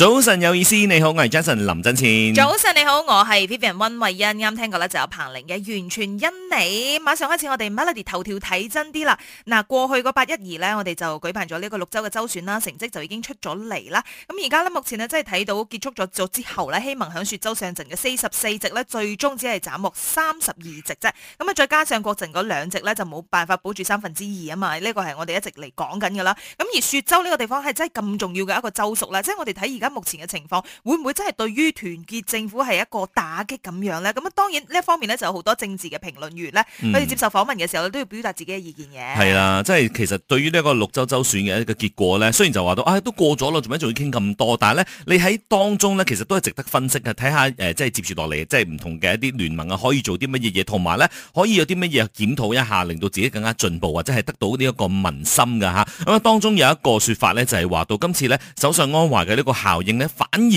早晨有意思，你好，我係 Jason 林振前。早晨你好，我係 Vivian 溫慧欣。啱聽過咧就有彭羚嘅完全因你。馬上開始我哋 Melody 頭條睇真啲啦。嗱，過去個八一二呢，我哋就舉辦咗呢個六州嘅州選啦，成績就已經出咗嚟啦。咁而家呢，目前呢，真係睇到結束咗之後呢，希盟響雪州上陣嘅四十四席呢，最終只係斬獲三十二席啫。咁、嗯、啊，再加上國陣嗰兩席呢，就冇辦法保住三分之二啊嘛。呢、這個係我哋一直嚟講緊噶啦。咁、嗯、而雪州呢個地方係真係咁重要嘅一個州屬啦，即係我哋睇而家。目前嘅情況會唔會真係對於團結政府係一個打擊咁樣呢？咁啊，當然呢一方面呢，就有好多政治嘅評論員呢，佢哋、嗯、接受訪問嘅時候都要表達自己嘅意見嘅。係啦，即、就、係、是、其實對於呢一個六州州選嘅一個結果呢，雖然就話到啊、哎、都過咗啦，做咩仲要傾咁多？但係呢，你喺當中呢，其實都係值得分析嘅，睇下誒即係接住落嚟即係唔同嘅一啲聯盟啊，可以做啲乜嘢嘢，同埋呢可以有啲乜嘢檢討一下，令到自己更加進步或者係得到呢一個民心㗎嚇。咁、嗯、啊，當中有一個説法呢，就係、是、話到今次呢，首相安華嘅呢個效應咧，反而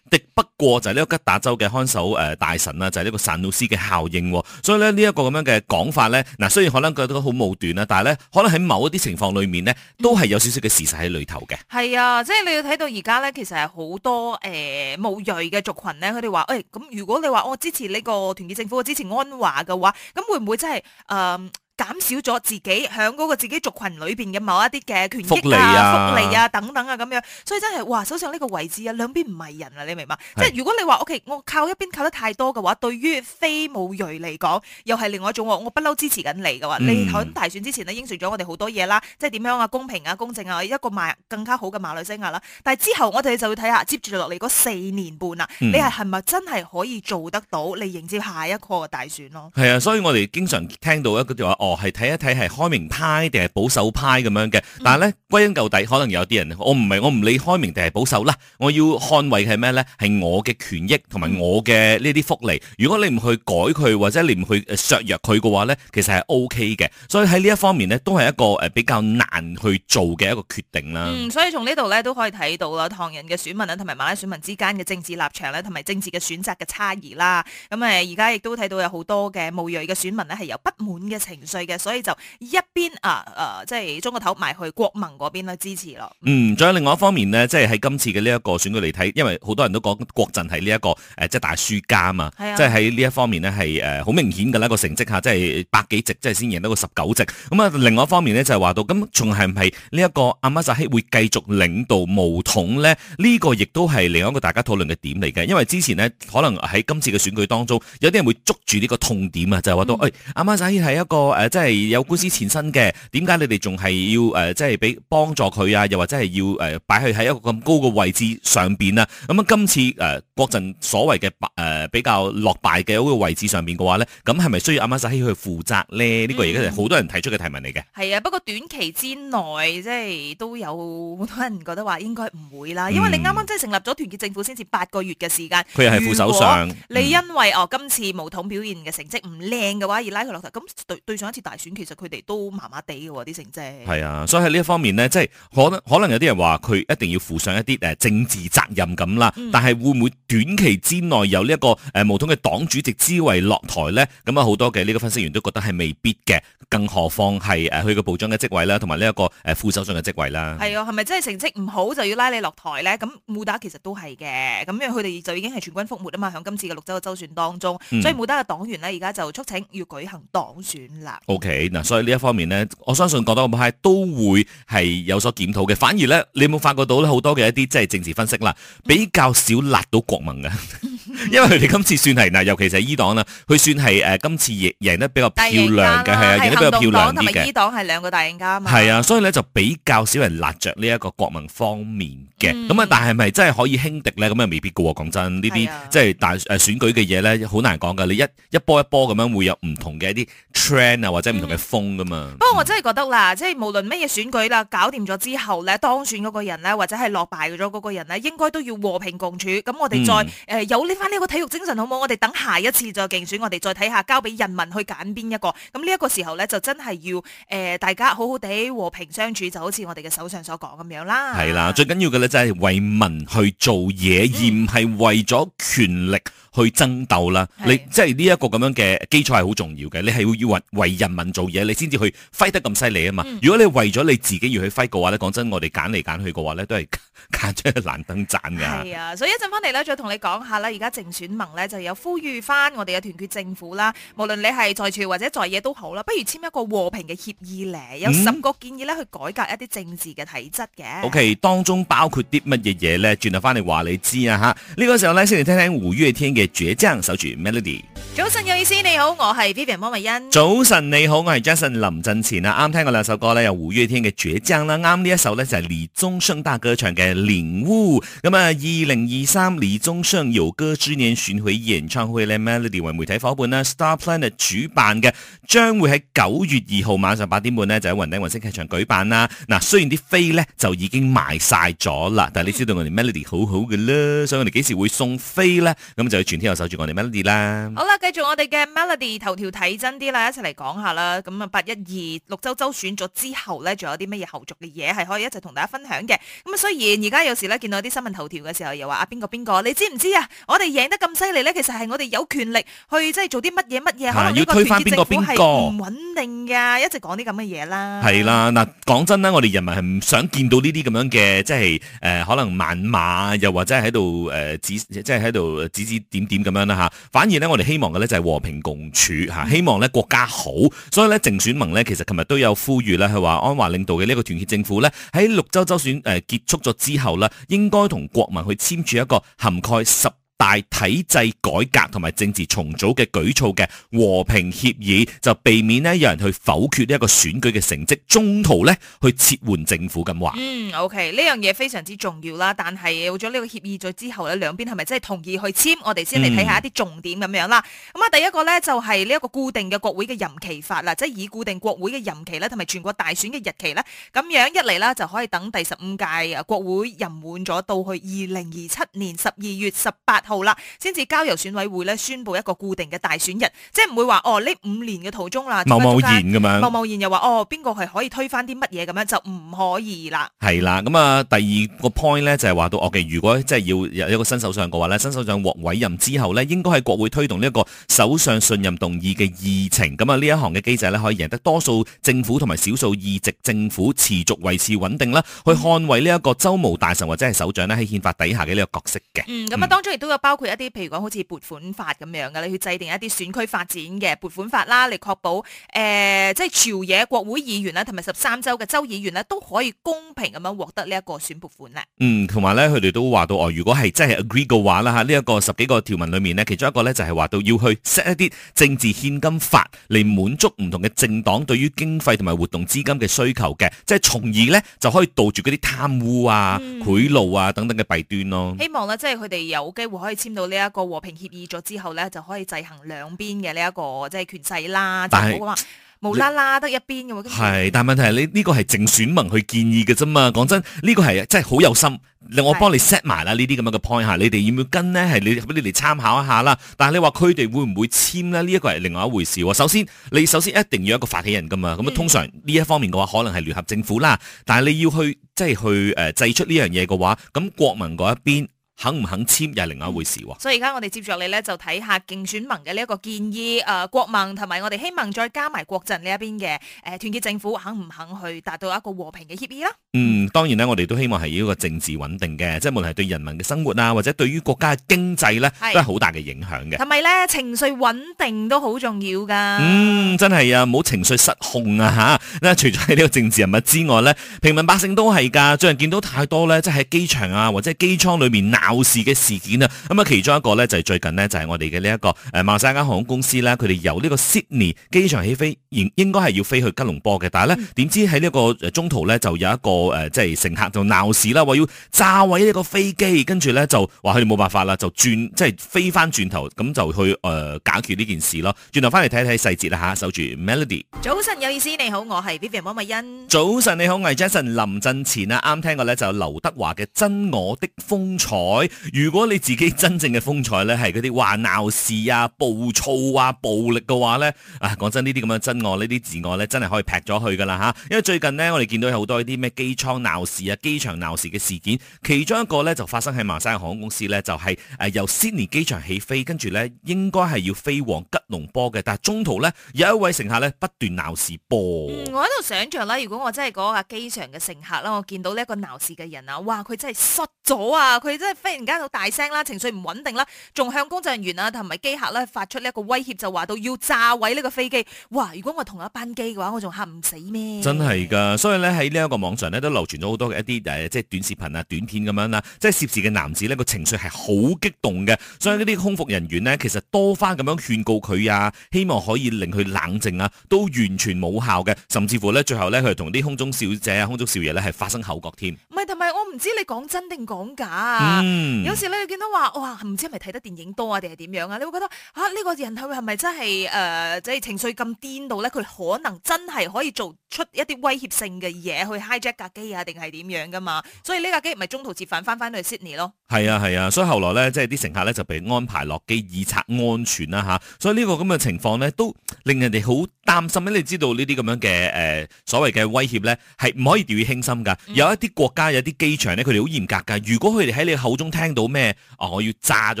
敵不過就係呢個吉打州嘅看守誒大臣啦，就係呢個散努斯嘅效應。所以咧呢一個咁樣嘅講法咧，嗱，雖然很可能覺得好武斷啦，但係咧可能喺某一啲情況裏面咧，都係有少少嘅事實喺裏頭嘅、嗯。係啊，即係你要睇到而家咧，其實係好多誒巫、呃、裔嘅族群咧，佢哋話誒咁，欸、如果你話我支持呢個團結政府，我支持安華嘅話，咁會唔會真係誒？呃減少咗自己喺嗰個自己族群裏邊嘅某一啲嘅權益啊、福利啊，福利啊等等啊咁樣，所以真係哇，首相呢個位置啊，兩邊唔係人啦、啊，你明嘛？是即係如果你話 OK，我靠一邊靠得太多嘅話，對於非巫裔嚟講，又係另外一種我我不嬲支持緊你嘅話，嗯、你大選之前咧應承咗我哋好多嘢啦，即係點樣啊公平啊公正啊一個馬更加好嘅馬來西亞啦。但係之後我哋就要睇下接住落嚟嗰四年半啊，嗯、你係係咪真係可以做得到你迎接下一個大選咯？係啊，所以我哋經常聽到一個電話係睇一睇係開明派定係保守派咁樣嘅，但係咧歸根究底，可能有啲人我唔係我唔理開明定係保守啦，我要捍衛係咩咧？係我嘅權益同埋我嘅呢啲福利。如果你唔去改佢或者你唔去削弱佢嘅話咧，其實係 OK 嘅。所以喺呢一方面咧，都係一個誒比較難去做嘅一個決定啦。嗯，所以從呢度咧都可以睇到啦，唐人嘅選民啦同埋馬拉選民之間嘅政治立場咧同埋政治嘅選擇嘅差異啦。咁誒而家亦都睇到有好多嘅巫裔嘅選民咧係有不滿嘅情緒。嘅，所以就一邊啊啊，即係轉個頭埋去國民嗰邊咯，支持咯。嗯，仲有另外一方面呢，即係喺今次嘅呢一個選舉嚟睇，因為好多人都講國陣係呢一個誒、呃，即係大輸家啊嘛。係啊，即係喺呢一方面呢係誒好明顯嘅啦，個成績嚇，即係百幾席，席，即係先贏得個十九席。咁啊，另外一方面呢，就係、是、話到咁，仲係唔係呢一個阿馬薩希會繼續領導巫統咧？呢、這個亦都係另外一個大家討論嘅點嚟嘅。因為之前呢，可能喺今次嘅選舉當中，有啲人會捉住呢個痛點啊，就係、是、話到，誒阿馬薩希係一個誒。呃即係有官司纏身嘅，點解你哋仲係要、呃、即係俾幫助佢啊？又或者係要擺佢喺一個咁高嘅位置上面啊？咁、嗯、啊，今次誒國陣、呃、所謂嘅、呃、比較落敗嘅一個位置上面嘅話咧，咁係咪需要阿馬薩希去負責咧？呢個而家係好多人提出嘅提問嚟嘅。係啊，不過短期之內即係都有好多人覺得話應該唔會啦，因為你啱啱即係成立咗團結政府先至八個月嘅時間。佢係副首相。你因為、嗯、哦今次巫統表現嘅成績唔靚嘅話，而拉佢落台，咁對對上一次大選其實佢哋都麻麻地嘅喎，啲成績。係啊，所以喺呢一方面呢，即係可能可能有啲人話佢一定要負上一啲誒政治責任咁啦。但係會唔會短期之內由呢、這、一個誒、呃、巫統嘅黨主席之位落台呢？咁啊，好多嘅呢個分析員都覺得係未必嘅。更何況係誒佢個部長嘅職位啦，同埋呢一個副首相嘅職位啦。係啊，係咪真係成績唔好就要拉你落台呢？咁冇打其實都係嘅。咁因為佢哋就已經係全軍覆沒啊嘛，喺今次嘅六州嘅州選當中。所以冇得嘅黨員呢，而家就促請要舉行黨選啦。O K，嗱，okay, 所以呢一方面咧，我相信廣東派都會係有所檢討嘅。反而咧，你有冇發覺到咧，好多嘅一啲即係政治分析啦，比較少辣到國民嘅。 因為佢哋今次算係嗱，尤其是伊黨啦，佢算係誒、呃、今次贏贏得比較漂亮嘅，係啊，係贏得比較漂亮嘅。同埋伊黨係兩個大贏家啊嘛。係啊，所以咧就比較少人攔着呢一個國民方面嘅。咁啊，但係咪真係可以輕敵咧？咁是啊，未必嘅喎。講真，呢啲即係大誒選舉嘅嘢咧，好難講㗎。你一一波一波咁樣會有唔同嘅一啲 trend 啊，或者唔同嘅風㗎嘛。嗯嗯、不過我真係覺得啦，即係無論乜嘢選舉啦，搞掂咗之後咧，當選嗰個人咧，或者係落敗咗嗰個人咧，應該都要和平共處。咁我哋再誒、嗯呃、有呢。你呢個體育精神好唔好？我哋等下一次再競選，我哋再睇下交俾人民去揀邊一個。咁呢一個時候呢，就真係要誒、呃、大家好好地和平相處，就好似我哋嘅首相所講咁樣啦。係啦、啊，最緊要嘅呢，就係為民去做嘢，嗯、而唔係為咗權力去爭鬥啦、啊就是。你即係呢一個咁樣嘅基礎係好重要嘅。你係要為為人民做嘢，你先至去揮得咁犀利啊嘛。嗯、如果你為咗你自己要去揮嘅話呢，講真，我哋揀嚟揀去嘅話呢，都係揀出爛燈盞噶。係啊，所以一陣翻嚟呢，再同你講下啦。而家政選盟呢，就有呼籲翻我哋嘅團結政府啦，無論你係在處或者在野都好啦，不如簽一個和平嘅協議咧，有十個建議咧去改革一啲政治嘅體制嘅、嗯。OK，當中包括啲乜嘢嘢咧？轉頭翻嚟話你知啊吓，呢、這個時候咧先嚟聽聽五月天嘅《倔強》，守住 Melody。早晨，有意思，你好，我係 Vivian 汪慧欣。早晨，你好，我係 Jason 林振前啊，啱聽過兩首歌咧，由五月天嘅《倔強》啦，啱呢一首咧就係、是、李宗盛大哥唱嘅《領悟》。咁啊，二零二三李宗盛搖歌。今年選舉演唱會咧，Melody 為媒體伙伴啦，Star Planet 主辦嘅，將會喺九月二號晚上八點半呢，就喺雲頂雲星劇場舉辦啦。嗱，雖然啲飛呢就已經賣晒咗啦，但係你知道我哋 Melody 好好嘅啦，嗯、所以我哋幾時會送飛呢？咁就全天候守住我哋 Melody 啦。好啦，繼續我哋嘅 Melody 頭條睇真啲啦，一齊嚟講一下啦。咁啊，八一二六州州選咗之後呢，仲有啲乜嘢後續嘅嘢係可以一齊同大家分享嘅。咁啊，雖然而家有時呢見到啲新聞頭條嘅時候，又話啊邊個邊個，你知唔知啊？我我哋贏得咁犀利咧，其實係我哋有權力去即係做啲乜嘢乜嘢，可能要推翻邊個邊個唔穩定噶，一直講啲咁嘅嘢啦。係啦，嗱，講真啦，我哋人民係唔想見到呢啲咁樣嘅，即係誒、呃，可能謾罵又或者喺度誒指，即係喺度指指點點咁樣啦吓。反而呢，我哋希望嘅咧就係和平共處吓，希望咧國家好。所以咧，淨選盟呢，其實琴日都有呼籲咧，佢話安華領導嘅呢個團結政府咧，喺六州州選誒結束咗之後呢，應該同國民去簽署一個涵蓋十。大體制改革同埋政治重組嘅舉措嘅和平協議，就避免呢有人去否決呢一個選舉嘅成績，中途呢去切換政府咁話。嗯，OK，呢樣嘢非常之重要啦。但係有咗呢個協議咗之後咧，兩邊係咪真係同意去簽？我哋先嚟睇下一啲重點咁，嗯、樣啦。咁啊，第一個咧就係呢一個固定嘅國會嘅任期法啦，即係以固定國會嘅任期咧同埋全國大選嘅日期咧，咁樣一嚟咧就可以等第十五屆啊國會任滿咗，到去二零二七年十二月十八，好啦，先至交由選委會咧，宣布一個固定嘅大選日，即係唔會話哦呢五年嘅途中啦，貿貿然咁樣，貿貿然又話哦邊個係可以推翻啲乜嘢咁樣，就唔可以啦。係啦，咁啊第二個 point 咧就係話到我嘅，如果即係要有一個新首相嘅話咧，新首相獲委任之後呢，應該喺國會推動呢一個首相信任動議嘅議程，咁啊呢一行嘅機制咧可以贏得多數政府同埋少數議席政府持續維持穩定啦，去捍衛呢一個州務大臣或者係首相咧喺憲法底下嘅呢個角色嘅。咁啊當中亦都有。嗯嗯包括一啲譬如講好似撥款法咁樣嘅，你去制定一啲選區發展嘅撥款法啦，嚟確保誒、呃、即係朝野國會議員啦，同埋十三州嘅州議員呢都可以公平咁樣獲得呢一個選撥款啦。嗯，同埋咧，佢哋都話到哦，如果係真係 agree 嘅話啦吓，呢、這、一個十幾個條文裏面呢，其中一個咧就係、是、話到要去 set 一啲政治獻金法嚟滿足唔同嘅政黨對於經費同埋活動資金嘅需求嘅，即係從而呢就可以杜絕嗰啲貪污啊、賄賂啊等等嘅弊端咯、嗯。希望呢，即係佢哋有機會可以。可以簽到呢一個和平協議咗之後咧，就可以制衡兩邊嘅呢一個即係權勢啦。但係冇啦啦得一邊嘅喎，係但係問題係你呢個係政選民去建議嘅啫嘛。講真，呢個係真係好有心令的我幫你 set 埋啦呢啲咁樣嘅 point 下，你哋要唔要跟呢？係你俾你哋嚟參考一下啦。但係你話佢哋會唔會簽呢？呢、這、一個係另外一回事。首先，你首先一定要一個發起人噶嘛。咁、嗯、通常呢一方面嘅話，可能係聯合政府啦。但係你要去即係去誒、呃、製出呢樣嘢嘅話，咁國民嗰一邊。肯唔肯簽又係另外一回事喎、嗯。所以而家我哋接著你咧，就睇下競選盟嘅呢一個建議。誒、呃、國盟同埋我哋希望再加埋國陣呢一邊嘅誒團結政府，肯唔肯去達到一個和平嘅協議啦？嗯，當然呢，我哋都希望係一個政治穩定嘅，即係無論係對人民嘅生活啊，或者對於國家嘅經濟呢，都係好大嘅影響嘅。同埋咧，情緒穩定都好重要㗎。嗯，真係啊，冇情緒失控啊吓，嗱、啊，除咗喺呢個政治人物之外呢，平民百姓都係㗎。最近見到太多呢，即係喺機場啊，或者機艙裏面鬧鬧事嘅事件啊，咁啊，其中一個咧就係最近呢、這個，就係我哋嘅呢一個誒，馬來西亞航空公司咧，佢哋由呢個 Sydney 機場起飛，應應該係要飛去吉隆坡嘅，但係咧點知喺呢一個誒中途咧就有一個誒即係乘客就鬧事啦，話要炸毀呢個飛機，跟住咧就話佢哋冇辦法啦，就轉即係、就是、飛翻轉頭咁就去誒、呃、解決呢件事咯。轉頭翻嚟睇睇細節啦吓，守住 Melody。早晨有意思，你好，我係 Vivian 摩米欣。早晨你好，我係 Jason。臨陣前啊，啱聽過咧就有劉德華嘅《真我》的風采。如果你自己真正嘅風采呢，係嗰啲話鬧事啊、暴躁啊、暴力嘅話呢，啊講真，呢啲咁嘅真愛，這些愛呢啲自我呢真係可以劈咗去噶啦吓，因為最近呢，我哋見到有好多啲咩機艙鬧事啊、機場鬧事嘅事件，其中一個呢就發生喺馬來航空公司呢，就係、是、誒由悉尼機場起飛，跟住呢應該係要飛往吉隆坡嘅，但係中途呢有一位乘客呢不斷鬧事噃、嗯。我喺度想象啦，如果我真係嗰個機場嘅乘客啦，我見到呢一個鬧事嘅人啊，哇！佢真係失咗啊，佢真係。忽然間就大聲啦，情緒唔穩定啦，仲向工作人員啊同埋機客咧發出呢一個威脅，就話到要炸毀呢個飛機。哇！如果我同一班機嘅話，我仲吓唔死咩？真係噶，所以咧喺呢一個網上咧都流傳咗好多嘅一啲、呃、即係短視頻啊、短片咁樣啦，即係涉事嘅男子呢個情緒係好激動嘅。所以呢啲空服人員呢，其實多番咁樣勸告佢啊，希望可以令佢冷靜啊，都完全冇效嘅。甚至乎咧最後咧，佢同啲空中小姐啊、空中少爺咧係發生口角添。唔係，同埋我唔知你講真定講假啊？有時咧，你見到話哇，唔知係咪睇得電影多啊，定係點樣啊？你會覺得嚇呢個人係會咪真係誒，即係情緒咁癲倒，咧？佢可能真係可以做出一啲威脅性嘅嘢去 hijack 架機啊，定係點樣噶嘛？所以呢架機唔係中途折返翻翻去 Sydney 咯。係啊，係啊，所以後來咧，即係啲乘客咧就被安排落機以策安全啦嚇。所以呢個咁嘅情況咧，都令人哋好擔心。咁你知道呢啲咁樣嘅誒所謂嘅威脅咧，係唔可以掉以輕心噶。有一啲國家有啲機場咧，佢哋好嚴格噶。如果佢哋喺你口中聽到咩啊、哦，我要炸咗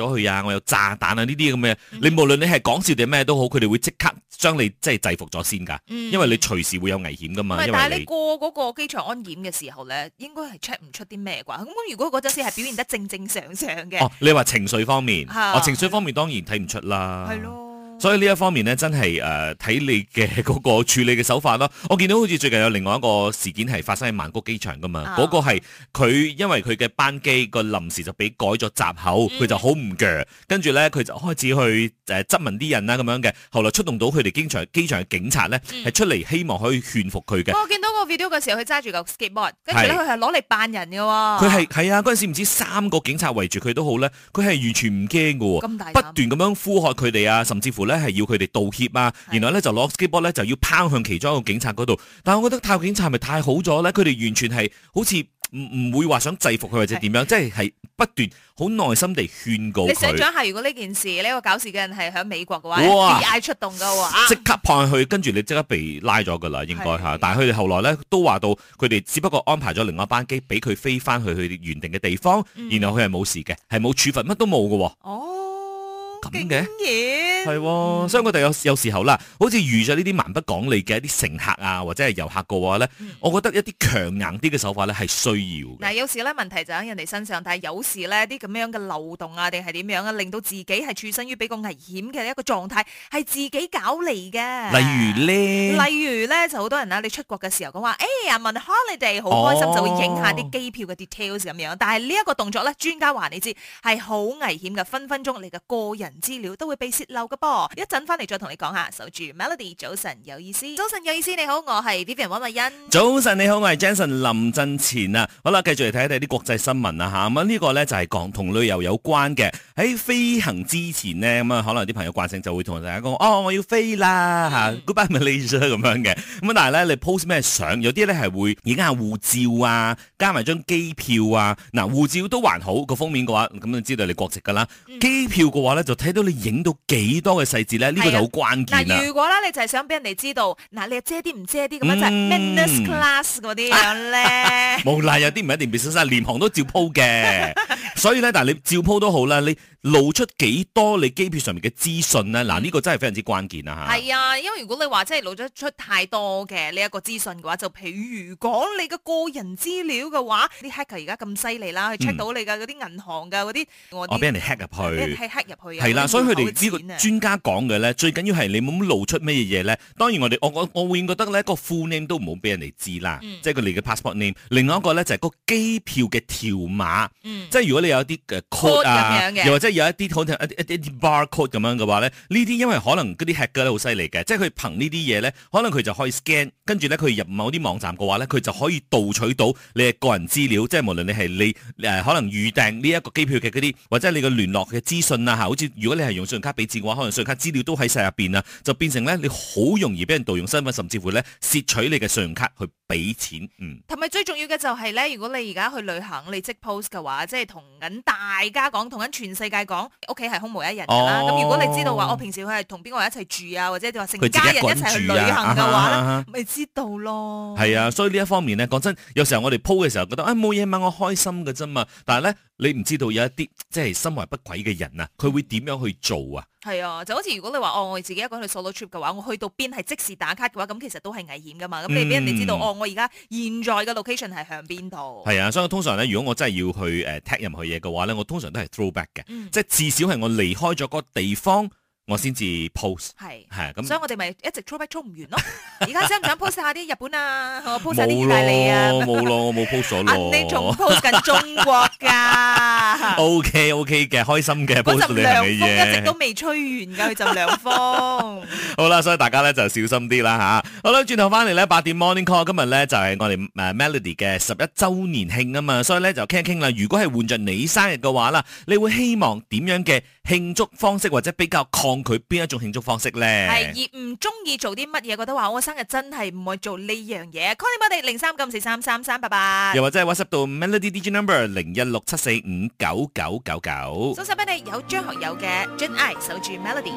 佢啊，我有炸彈啊呢啲咁嘅，mm hmm. 你無論你係講笑定咩都好，佢哋會即刻將你即係制服咗先噶。Mm hmm. 因為你隨時會有危險噶嘛。唔係，但係你過嗰個機場安檢嘅時候咧，應該係 check 唔出啲咩啩？咁如果嗰陣時係表現得正正常常嘅，哦，你話情緒方面，啊、哦情緒方面當然睇唔出啦。係咯。所以呢一方面咧，真係誒睇你嘅嗰個處理嘅手法咯。我見到好似最近有另外一個事件係發生喺曼谷機場㗎嘛，嗰、啊、個係佢因為佢嘅班機個臨時就俾改咗閘口，佢、嗯、就好唔鋸，跟住咧佢就開始去誒質、呃、問啲人啦、啊、咁樣嘅。後來出動到佢哋機場機場嘅警察咧，係出嚟希望可以勸服佢嘅。我見到個 video 嘅時候，佢揸住個 skateboard，跟住咧佢係攞嚟是扮人嘅。佢係係啊，陣、啊、時唔知三個警察圍住佢都好咧，佢係完全唔驚嘅，大不斷咁樣呼喝佢哋啊，甚至乎。咧係要佢哋道歉啊，然後咧就攞 skateboard 咧就要拋向其中一個警察嗰度，但係我覺得泰國警察係咪太好咗咧？佢哋完全係好似唔唔會話想制服佢或者點樣，即係係不斷好耐心地勸告佢。你想，想下，如果呢件事呢個搞事嘅人係喺美國嘅話，D.I 哇出動噶、啊，即刻派去，跟住你即刻被拉咗噶啦，應該吓。是 但係佢哋後來咧都話到，佢哋只不過安排咗另外一班機俾佢飛翻去去原定嘅地方，嗯、然後佢係冇事嘅，係冇處罰，乜都冇嘅。哦，咁嘅。係，所以我哋有有時候啦，好似遇咗呢啲蠻不講理嘅一啲乘客啊，或者係遊客嘅話咧，嗯、我覺得一啲強硬啲嘅手法咧係需要嘅。嗱，有時咧問題就喺人哋身上，但係有時咧啲咁樣嘅漏洞啊，定係點樣啊，令到自己係處身於比較危險嘅一個狀態，係自己搞嚟嘅。例如咧，例如咧就好多人啊，你出國嘅時候講話，誒，I'm on holiday 好、嗯、開心，就會影下啲機票嘅 details 咁樣。哦、但係呢一個動作咧，專家話你知係好危險嘅，分分鐘你嘅個人資料都會被泄漏。個波，一陣翻嚟再同你講下。守住 Melody，早晨有意思。早晨有意思，你好，我係 Vivian 汪慧欣。早晨你好，我係 Jason 林振前啊。好啦，繼續嚟睇睇啲國際新聞啊吓，咁啊、這個、呢個咧就係講同旅遊有關嘅。喺飛行之前呢，咁啊可能啲朋友慣性就會同大家講：哦，我要飛啦、嗯啊、Goodbye Malaysia 咁樣嘅。咁、啊、但係咧你 post 咩相？有啲咧係會影下護照啊，加埋張機票啊。嗱、啊，護照都還好，個封面嘅話咁就知道你國籍噶啦。嗯、機票嘅話咧就睇到你影到幾多嘅細節咧，呢個就好關鍵啦。嗱，如果咧，你就係想俾人哋知道，嗱，你遮啲唔遮啲咁樣就 minus class 嗰啲樣咧。冇啦，有啲唔一定俾曬，連行都照鋪嘅。所以咧，但係你照鋪都好啦，你露出幾多你機票上面嘅資訊咧？嗱，呢個真係非常之關鍵啦嚇。係啊，因為如果你話即係露咗出太多嘅呢一個資訊嘅話，就譬如講你嘅個人資料嘅話，啲黑客而家咁犀利啦，去 check 到你嘅嗰啲銀行嘅嗰啲我啲，俾人哋 hack 入去，hack 入去啊。係啦，所以佢哋呢個。專家講嘅咧，最緊要係你冇冇露出乜嘢嘢咧。當然我哋我我我會覺得咧，個 full name 都唔好俾人哋知啦，即係佢哋嘅 passport name。另外一個咧就係個機票嘅條碼，嗯、即係如果你有一啲嘅 code 啊，又或者有一啲好似對的一啲 barcode 咁樣嘅話咧，呢啲因為可能嗰啲 hacker 嘅好犀利嘅，即係佢憑呢啲嘢咧，可能佢就可以 scan，跟住咧佢入某啲網站嘅話咧，佢就可以盜取到你嘅個人資料。即係無論你係你誒可能預訂呢一個機票嘅嗰啲，或者你嘅聯絡嘅資訊啊嚇，好似如果你係用信用卡俾錢嘅話。可能信用卡資料都喺晒入邊啊，就變成咧你好容易俾人盜用身份，甚至乎咧竊取你嘅信用卡去俾錢。嗯。同埋最重要嘅就係咧，如果你而家去旅行，你即 post 嘅話，即係同緊大家講，同緊全世界講屋企係空無一人嘅啦。咁、哦、如果你知道話，我平時係同邊個一齊住啊，或者話成家人一齊去旅行嘅話咧，咪知道咯。係啊，所以呢一方面咧，講真，有時候我哋 post 嘅時候覺得啊冇嘢問，我開心嘅啫嘛。但係咧。你唔知道有一啲即係心懷不軌嘅人啊，佢會點樣去做啊？係啊，就好似如果你話哦，我自己一個人去 solo trip 嘅話，我去到邊係即時打卡嘅話，咁其實都係危險㗎嘛。咁你俾人哋知道、嗯、哦，我而家現在嘅 location 係向邊度？係啊，所以通常咧，如果我真係要去 take 入、呃、去嘢嘅話咧，我通常都係 throwback 嘅，嗯、即係至少係我離開咗個地方。我先至 post，係係咁，嗯、所以我哋咪一直抽筆抽唔完咯。而家 想唔想 post 一下啲日本啊 我？post 我啲意大利啊？冇咯，我冇 post 咗。你仲 post 緊中國㗎 ？OK OK 嘅，開心嘅 post 你嘅嘢。 嗰陣涼風一直都未吹完㗎，佢就涼風。好啦，所以大家咧就小心啲啦吓，好啦，轉頭翻嚟咧八點 Morning Call，今日咧就係我哋 Melody 嘅十一週年慶啊嘛，所以咧就傾一傾啦。如果係換着你生日嘅話啦，你會希望點樣嘅慶祝方式，或者比較抗拒邊一種慶祝方式咧？係而唔中意做啲乜嘢，覺得話我生日真係唔會做呢樣嘢。Call 畀我哋零三九五四三三三八八，又或者 WhatsApp 到 Melody DJ number 零一六七四五九九九九。送俾你有張學友嘅《真愛守住 Melody》。